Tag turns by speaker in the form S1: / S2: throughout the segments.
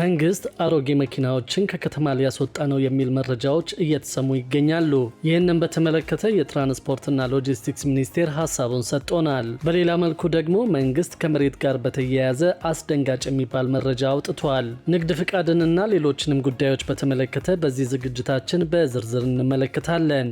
S1: መንግስት አሮጌ መኪናዎችን ከከተማ ሊያስወጣ ነው የሚል መረጃዎች እየተሰሙ ይገኛሉ። ይህንን በተመለከተ የትራንስፖርትና ሎጂስቲክስ ሚኒስቴር ሀሳቡን ሰጥቶናል። በሌላ መልኩ ደግሞ መንግስት ከመሬት ጋር በተያያዘ አስደንጋጭ የሚባል መረጃ አውጥቷል። ንግድ ፍቃድንና ሌሎችንም ጉዳዮች በተመለከተ በዚህ ዝግጅታችን በዝርዝር እንመለከታለን።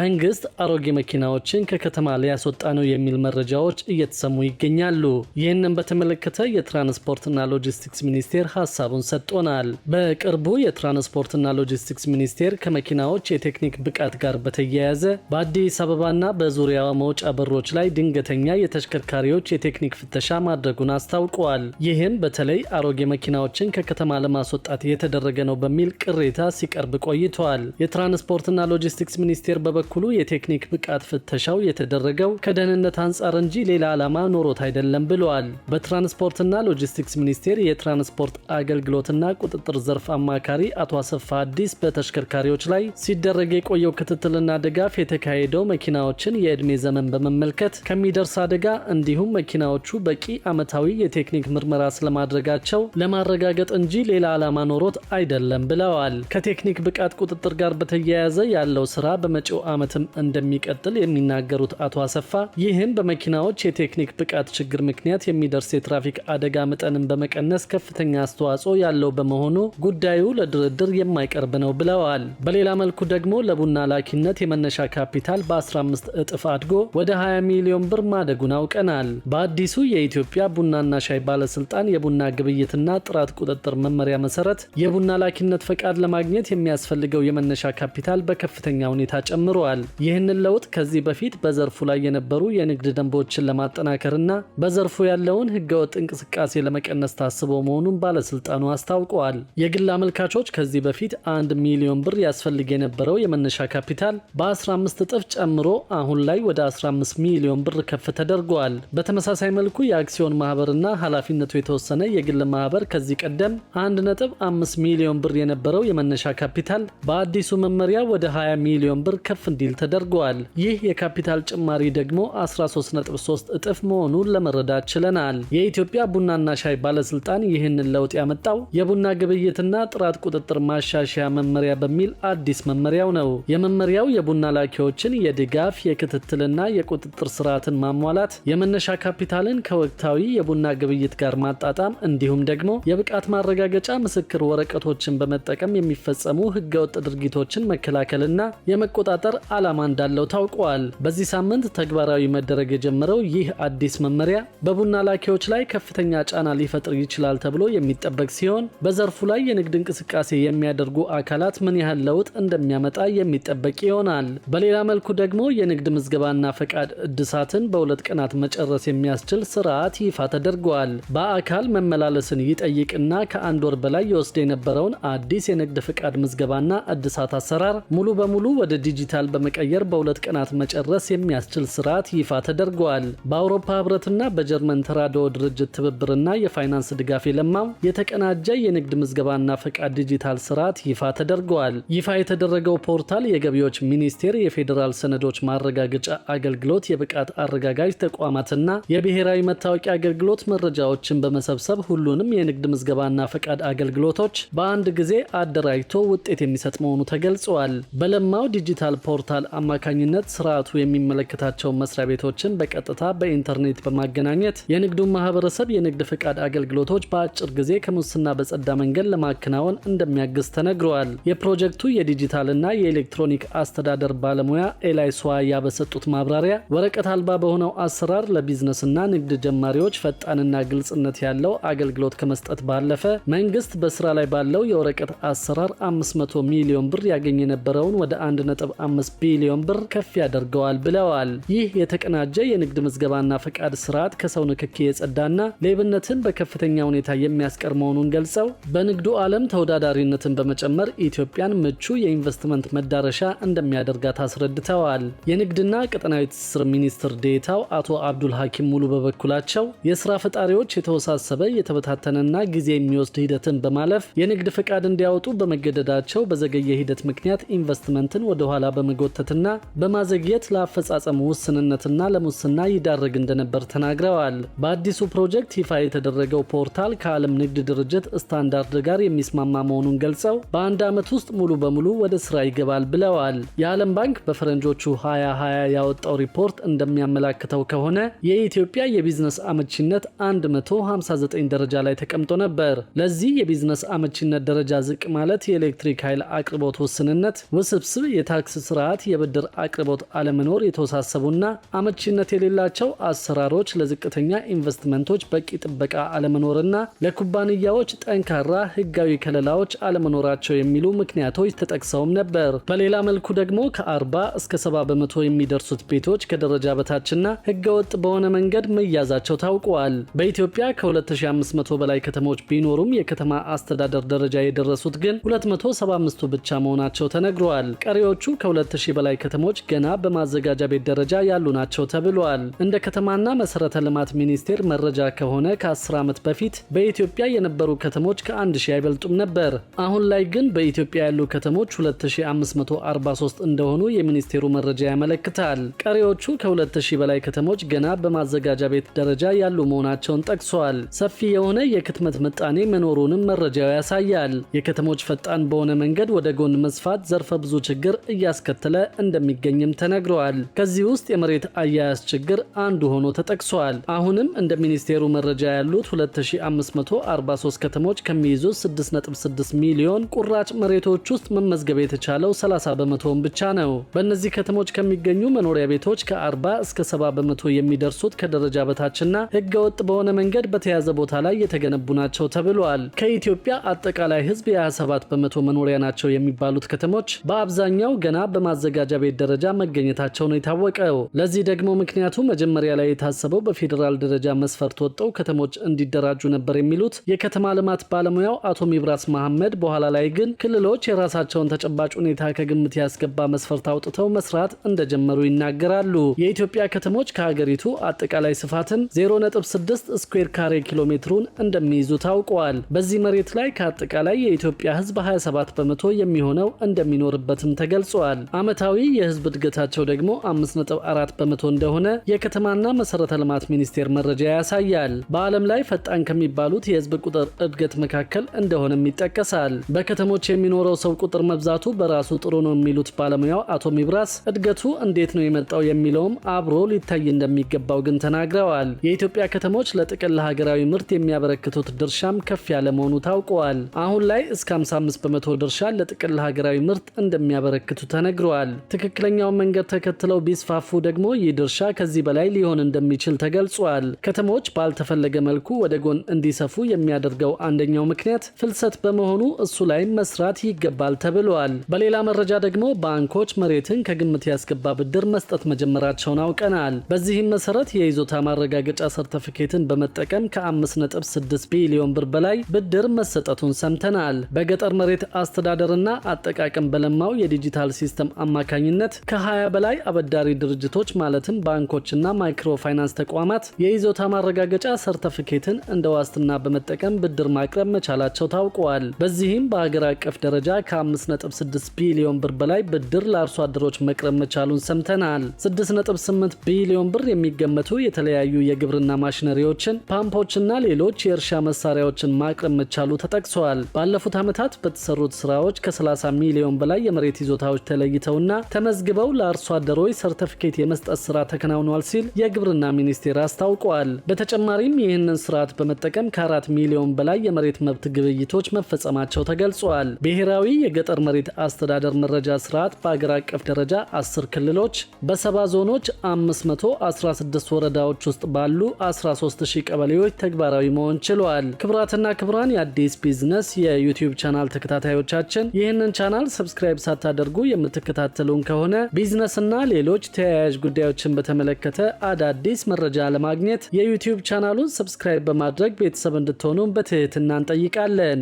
S1: መንግስት አሮጌ መኪናዎችን ከከተማ ሊያስወጣ ነው የሚል መረጃዎች እየተሰሙ ይገኛሉ። ይህንን በተመለከተ የትራንስፖርትና ሎጂስቲክስ ሚኒስቴር ሀሳቡን ሰጥቶናል። በቅርቡ የትራንስፖርትና ሎጂስቲክስ ሚኒስቴር ከመኪናዎች የቴክኒክ ብቃት ጋር በተያያዘ በአዲስ አበባና በዙሪያዋ መውጫ በሮች ላይ ድንገተኛ የተሽከርካሪዎች የቴክኒክ ፍተሻ ማድረጉን አስታውቀዋል። ይህም በተለይ አሮጌ መኪናዎችን ከከተማ ለማስወጣት የተደረገ ነው በሚል ቅሬታ ሲቀርብ ቆይተዋል። የትራንስፖርትና ሎጂስቲክስ ሚኒስቴር በበ በበኩሉ የቴክኒክ ብቃት ፍተሻው የተደረገው ከደህንነት አንጻር እንጂ ሌላ ዓላማ ኖሮት አይደለም ብለዋል። በትራንስፖርትና ሎጂስቲክስ ሚኒስቴር የትራንስፖርት አገልግሎትና ቁጥጥር ዘርፍ አማካሪ አቶ አሰፋ አዲስ በተሽከርካሪዎች ላይ ሲደረግ የቆየው ክትትልና ድጋፍ የተካሄደው መኪናዎችን የዕድሜ ዘመን በመመልከት ከሚደርስ አደጋ እንዲሁም መኪናዎቹ በቂ ዓመታዊ የቴክኒክ ምርመራ ስለማድረጋቸው ለማረጋገጥ እንጂ ሌላ ዓላማ ኖሮት አይደለም ብለዋል። ከቴክኒክ ብቃት ቁጥጥር ጋር በተያያዘ ያለው ስራ በመጪው ዓመትም እንደሚቀጥል የሚናገሩት አቶ አሰፋ ይህም በመኪናዎች የቴክኒክ ብቃት ችግር ምክንያት የሚደርስ የትራፊክ አደጋ መጠንን በመቀነስ ከፍተኛ አስተዋጽኦ ያለው በመሆኑ ጉዳዩ ለድርድር የማይቀርብ ነው ብለዋል። በሌላ መልኩ ደግሞ ለቡና ላኪነት የመነሻ ካፒታል በ15 እጥፍ አድጎ ወደ 20 ሚሊዮን ብር ማደጉን አውቀናል። በአዲሱ የኢትዮጵያ ቡናና ሻይ ባለስልጣን የቡና ግብይትና ጥራት ቁጥጥር መመሪያ መሰረት የቡና ላኪነት ፈቃድ ለማግኘት የሚያስፈልገው የመነሻ ካፒታል በከፍተኛ ሁኔታ ጨምሯል። ተናግረዋል። ይህንን ለውጥ ከዚህ በፊት በዘርፉ ላይ የነበሩ የንግድ ደንቦችን ለማጠናከርና በዘርፉ ያለውን ህገወጥ እንቅስቃሴ ለመቀነስ ታስቦ መሆኑን ባለስልጣኑ አስታውቀዋል። የግል አመልካቾች ከዚህ በፊት አንድ ሚሊዮን ብር ያስፈልግ የነበረው የመነሻ ካፒታል በ15 እጥፍ ጨምሮ አሁን ላይ ወደ 15 ሚሊዮን ብር ከፍ ተደርገዋል። በተመሳሳይ መልኩ የአክሲዮን ማህበርና ኃላፊነቱ የተወሰነ የግል ማህበር ከዚህ ቀደም 1.5 ሚሊዮን ብር የነበረው የመነሻ ካፒታል በአዲሱ መመሪያ ወደ 20 ሚሊዮን ብር ከፍ እንዲል ተደርጓል። ይህ የካፒታል ጭማሪ ደግሞ 133 እጥፍ መሆኑን ለመረዳት ችለናል። የኢትዮጵያ ቡናና ሻይ ባለስልጣን ይህንን ለውጥ ያመጣው የቡና ግብይትና ጥራት ቁጥጥር ማሻሻያ መመሪያ በሚል አዲስ መመሪያው ነው። የመመሪያው የቡና ላኪዎችን የድጋፍ የክትትልና የቁጥጥር ስርዓትን ማሟላት፣ የመነሻ ካፒታልን ከወቅታዊ የቡና ግብይት ጋር ማጣጣም እንዲሁም ደግሞ የብቃት ማረጋገጫ ምስክር ወረቀቶችን በመጠቀም የሚፈጸሙ ህገወጥ ድርጊቶችን መከላከልና የመቆጣጠር ለመቆጣጠር ዓላማ እንዳለው ታውቋል። በዚህ ሳምንት ተግባራዊ መደረግ የጀመረው ይህ አዲስ መመሪያ በቡና ላኪዎች ላይ ከፍተኛ ጫና ሊፈጥር ይችላል ተብሎ የሚጠበቅ ሲሆን በዘርፉ ላይ የንግድ እንቅስቃሴ የሚያደርጉ አካላት ምን ያህል ለውጥ እንደሚያመጣ የሚጠበቅ ይሆናል። በሌላ መልኩ ደግሞ የንግድ ምዝገባና ፈቃድ እድሳትን በሁለት ቀናት መጨረስ የሚያስችል ስርዓት ይፋ ተደርጓል። በአካል መመላለስን ይጠይቅና ከአንድ ወር በላይ የወስደ የነበረውን አዲስ የንግድ ፈቃድ ምዝገባና እድሳት አሰራር ሙሉ በሙሉ ወደ ዲጂታል ሆስፒታል በመቀየር በሁለት ቀናት መጨረስ የሚያስችል ስርዓት ይፋ ተደርጓል። በአውሮፓ ህብረትና በጀርመን ተራድኦ ድርጅት ትብብርና የፋይናንስ ድጋፍ የለማው የተቀናጀ የንግድ ምዝገባና ፈቃድ ዲጂታል ስርዓት ይፋ ተደርጓል። ይፋ የተደረገው ፖርታል የገቢዎች ሚኒስቴር፣ የፌዴራል ሰነዶች ማረጋገጫ አገልግሎት፣ የብቃት አረጋጋጅ ተቋማትና የብሔራዊ መታወቂያ አገልግሎት መረጃዎችን በመሰብሰብ ሁሉንም የንግድ ምዝገባና ፈቃድ አገልግሎቶች በአንድ ጊዜ አደራጅቶ ውጤት የሚሰጥ መሆኑ ተገልጿል። በለማው ዲጂታል ፖርታል አማካኝነት ስርዓቱ የሚመለከታቸውን መስሪያ ቤቶችን በቀጥታ በኢንተርኔት በማገናኘት የንግዱን ማህበረሰብ የንግድ ፍቃድ አገልግሎቶች በአጭር ጊዜ ከሙስና በጸዳ መንገድ ለማከናወን እንደሚያግዝ ተነግረዋል። የፕሮጀክቱ የዲጂታልና የኤሌክትሮኒክ አስተዳደር ባለሙያ ኤላይ ሱዋያ በሰጡት ማብራሪያ ወረቀት አልባ በሆነው አሰራር ለቢዝነስና ንግድ ጀማሪዎች ፈጣንና ግልጽነት ያለው አገልግሎት ከመስጠት ባለፈ መንግስት በስራ ላይ ባለው የወረቀት አሰራር 500 ሚሊዮን ብር ያገኝ የነበረውን ወደ 1.5 15 ቢሊዮን ብር ከፍ ያደርገዋል ብለዋል። ይህ የተቀናጀ የንግድ ምዝገባና ፈቃድ ስርዓት ከሰው ንክኪ የጸዳና ሌብነትን በከፍተኛ ሁኔታ የሚያስቀር መሆኑን ገልጸው በንግዱ ዓለም ተወዳዳሪነትን በመጨመር ኢትዮጵያን ምቹ የኢንቨስትመንት መዳረሻ እንደሚያደርጋት አስረድተዋል። የንግድና ቀጠናዊ ትስስር ሚኒስትር ዴታው አቶ አብዱል ሐኪም ሙሉ በበኩላቸው የስራ ፈጣሪዎች የተወሳሰበ የተበታተነና ጊዜ የሚወስድ ሂደትን በማለፍ የንግድ ፈቃድ እንዲያወጡ በመገደዳቸው በዘገየ ሂደት ምክንያት ኢንቨስትመንትን ወደኋላ በመ በመጎተትና በማዘግየት ለአፈጻጸሙ ውስንነትና ለሙስና ይዳረግ እንደነበር ተናግረዋል። በአዲሱ ፕሮጀክት ይፋ የተደረገው ፖርታል ከዓለም ንግድ ድርጅት ስታንዳርድ ጋር የሚስማማ መሆኑን ገልጸው በአንድ ዓመት ውስጥ ሙሉ በሙሉ ወደ ስራ ይገባል ብለዋል። የዓለም ባንክ በፈረንጆቹ 2020 ያወጣው ሪፖርት እንደሚያመላክተው ከሆነ የኢትዮጵያ የቢዝነስ አመቺነት 159 ደረጃ ላይ ተቀምጦ ነበር። ለዚህ የቢዝነስ አመቺነት ደረጃ ዝቅ ማለት የኤሌክትሪክ ኃይል አቅርቦት ውስንነት፣ ውስብስብ የታክስ ስራ ስርዓት የብድር አቅርቦት አለመኖር የተወሳሰቡና አመቺነት የሌላቸው አሰራሮች ለዝቅተኛ ኢንቨስትመንቶች በቂ ጥበቃ አለመኖርና ለኩባንያዎች ጠንካራ ህጋዊ ከለላዎች አለመኖራቸው የሚሉ ምክንያቶች ተጠቅሰውም ነበር። በሌላ መልኩ ደግሞ ከ40 እስከ 70 በመቶ የሚደርሱት ቤቶች ከደረጃ በታችና ህገወጥ በሆነ መንገድ መያዛቸው ታውቀዋል። በኢትዮጵያ ከ2500 በላይ ከተሞች ቢኖሩም የከተማ አስተዳደር ደረጃ የደረሱት ግን 275 ብቻ መሆናቸው ተነግሯል። ቀሪዎቹ ከ2 ከ2000 በላይ ከተሞች ገና በማዘጋጃ ቤት ደረጃ ያሉ ናቸው ተብሏል። እንደ ከተማና መሰረተ ልማት ሚኒስቴር መረጃ ከሆነ ከ10 ዓመት በፊት በኢትዮጵያ የነበሩ ከተሞች ከ1000 አይበልጡም ነበር። አሁን ላይ ግን በኢትዮጵያ ያሉ ከተሞች 2543 እንደሆኑ የሚኒስቴሩ መረጃ ያመለክታል። ቀሪዎቹ ከ2000 በላይ ከተሞች ገና በማዘጋጃ ቤት ደረጃ ያሉ መሆናቸውን ጠቅሷል። ሰፊ የሆነ የክትመት ምጣኔ መኖሩንም መረጃው ያሳያል። የከተሞች ፈጣን በሆነ መንገድ ወደ ጎን መስፋት ዘርፈ ብዙ ችግር እያስከተለ እያስከተለ እንደሚገኝም ተነግረዋል። ከዚህ ውስጥ የመሬት አያያዝ ችግር አንዱ ሆኖ ተጠቅሷል። አሁንም እንደ ሚኒስቴሩ መረጃ ያሉት 2543 ከተሞች ከሚይዙ 6.6 ሚሊዮን ቁራጭ መሬቶች ውስጥ መመዝገብ የተቻለው 30 በመቶውን ብቻ ነው። በእነዚህ ከተሞች ከሚገኙ መኖሪያ ቤቶች ከ40 እስከ 70 በመቶ የሚደርሱት ከደረጃ በታችና ህገወጥ በሆነ መንገድ በተያዘ ቦታ ላይ የተገነቡ ናቸው ተብሏል። ከኢትዮጵያ አጠቃላይ ህዝብ የ27 በመቶ መኖሪያ ናቸው የሚባሉት ከተሞች በአብዛኛው ገና በ በማዘጋጃ ቤት ደረጃ መገኘታቸው ነው የታወቀው። ለዚህ ደግሞ ምክንያቱ መጀመሪያ ላይ የታሰበው በፌዴራል ደረጃ መስፈርት ወጥተው ከተሞች እንዲደራጁ ነበር የሚሉት የከተማ ልማት ባለሙያው አቶ ሚብራስ መሐመድ፣ በኋላ ላይ ግን ክልሎች የራሳቸውን ተጨባጭ ሁኔታ ከግምት ያስገባ መስፈርት አውጥተው መስራት እንደጀመሩ ይናገራሉ። የኢትዮጵያ ከተሞች ከሀገሪቱ አጠቃላይ ስፋትን 0.6 ስኩዌር ካሬ ኪሎ ሜትሩን እንደሚይዙ ታውቋል። በዚህ መሬት ላይ ከአጠቃላይ የኢትዮጵያ ሕዝብ 27 በመቶ የሚሆነው እንደሚኖርበትም ተገልጿል። አመታዊ የህዝብ እድገታቸው ደግሞ 5.4 በመቶ እንደሆነ የከተማና መሰረተ ልማት ሚኒስቴር መረጃ ያሳያል። በዓለም ላይ ፈጣን ከሚባሉት የህዝብ ቁጥር እድገት መካከል እንደሆነም ይጠቀሳል። በከተሞች የሚኖረው ሰው ቁጥር መብዛቱ በራሱ ጥሩ ነው የሚሉት ባለሙያው አቶ ሚብራስ እድገቱ እንዴት ነው የመጣው የሚለውም አብሮ ሊታይ እንደሚገባው ግን ተናግረዋል። የኢትዮጵያ ከተሞች ለጥቅል ሀገራዊ ምርት የሚያበረክቱት ድርሻም ከፍ ያለ መሆኑ ታውቀዋል። አሁን ላይ እስከ 55 በመቶ ድርሻ ለጥቅል ሀገራዊ ምርት እንደሚያበረክቱ ተነግሯል። ተናግረዋል። ትክክለኛውን መንገድ ተከትለው ቢስፋፉ ደግሞ ይህ ድርሻ ከዚህ በላይ ሊሆን እንደሚችል ተገልጿል። ከተሞች ባልተፈለገ መልኩ ወደ ጎን እንዲሰፉ የሚያደርገው አንደኛው ምክንያት ፍልሰት በመሆኑ እሱ ላይ መስራት ይገባል ተብሏል። በሌላ መረጃ ደግሞ ባንኮች መሬትን ከግምት ያስገባ ብድር መስጠት መጀመራቸውን አውቀናል። በዚህም መሰረት የይዞታ ማረጋገጫ ሰርተፊኬትን በመጠቀም ከ5.6 ቢሊዮን ብር በላይ ብድር መሰጠቱን ሰምተናል። በገጠር መሬት አስተዳደርና አጠቃቀም በለማው የዲጂታል ሲስተም አማካኝነት ከ20 በላይ አበዳሪ ድርጅቶች ማለትም ባንኮችና ማይክሮ ፋይናንስ ተቋማት የይዞታ ማረጋገጫ ሰርተፊኬትን እንደ ዋስትና በመጠቀም ብድር ማቅረብ መቻላቸው ታውቀዋል። በዚህም በሀገር አቀፍ ደረጃ ከ56 ቢሊዮን ብር በላይ ብድር ለአርሶ አደሮች መቅረብ መቻሉን ሰምተናል። 68 ቢሊዮን ብር የሚገመቱ የተለያዩ የግብርና ማሽነሪዎችን፣ ፓምፖችና ሌሎች የእርሻ መሳሪያዎችን ማቅረብ መቻሉ ተጠቅሷል። ባለፉት ዓመታት በተሰሩት ስራዎች ከ30 ሚሊዮን በላይ የመሬት ይዞታዎች ተለይ ለይተውና ተመዝግበው ለአርሶ አደሮች ሰርተፊኬት የመስጠት ስራ ተከናውኗል ሲል የግብርና ሚኒስቴር አስታውቋል። በተጨማሪም ይህንን ስርዓት በመጠቀም ከአራት ሚሊዮን በላይ የመሬት መብት ግብይቶች መፈጸማቸው ተገልጿል። ብሔራዊ የገጠር መሬት አስተዳደር መረጃ ስርዓት በአገር አቀፍ ደረጃ 10 ክልሎች በሰባ ዞኖች 516 ወረዳዎች ውስጥ ባሉ 13000 ቀበሌዎች ተግባራዊ መሆን ችሏል። ክቡራትና ክቡራን የአዲስ ቢዝነስ የዩቲዩብ ቻናል ተከታታዮቻችን ይህንን ቻናል ሰብስክራይብ ሳታደርጉ የምትከ እየተከታተሉን ከሆነ ቢዝነስና ሌሎች ተያያዥ ጉዳዮችን በተመለከተ አዳዲስ መረጃ ለማግኘት የዩቲዩብ ቻናሉን ሰብስክራይብ በማድረግ ቤተሰብ እንድትሆኑን በትህትና እንጠይቃለን።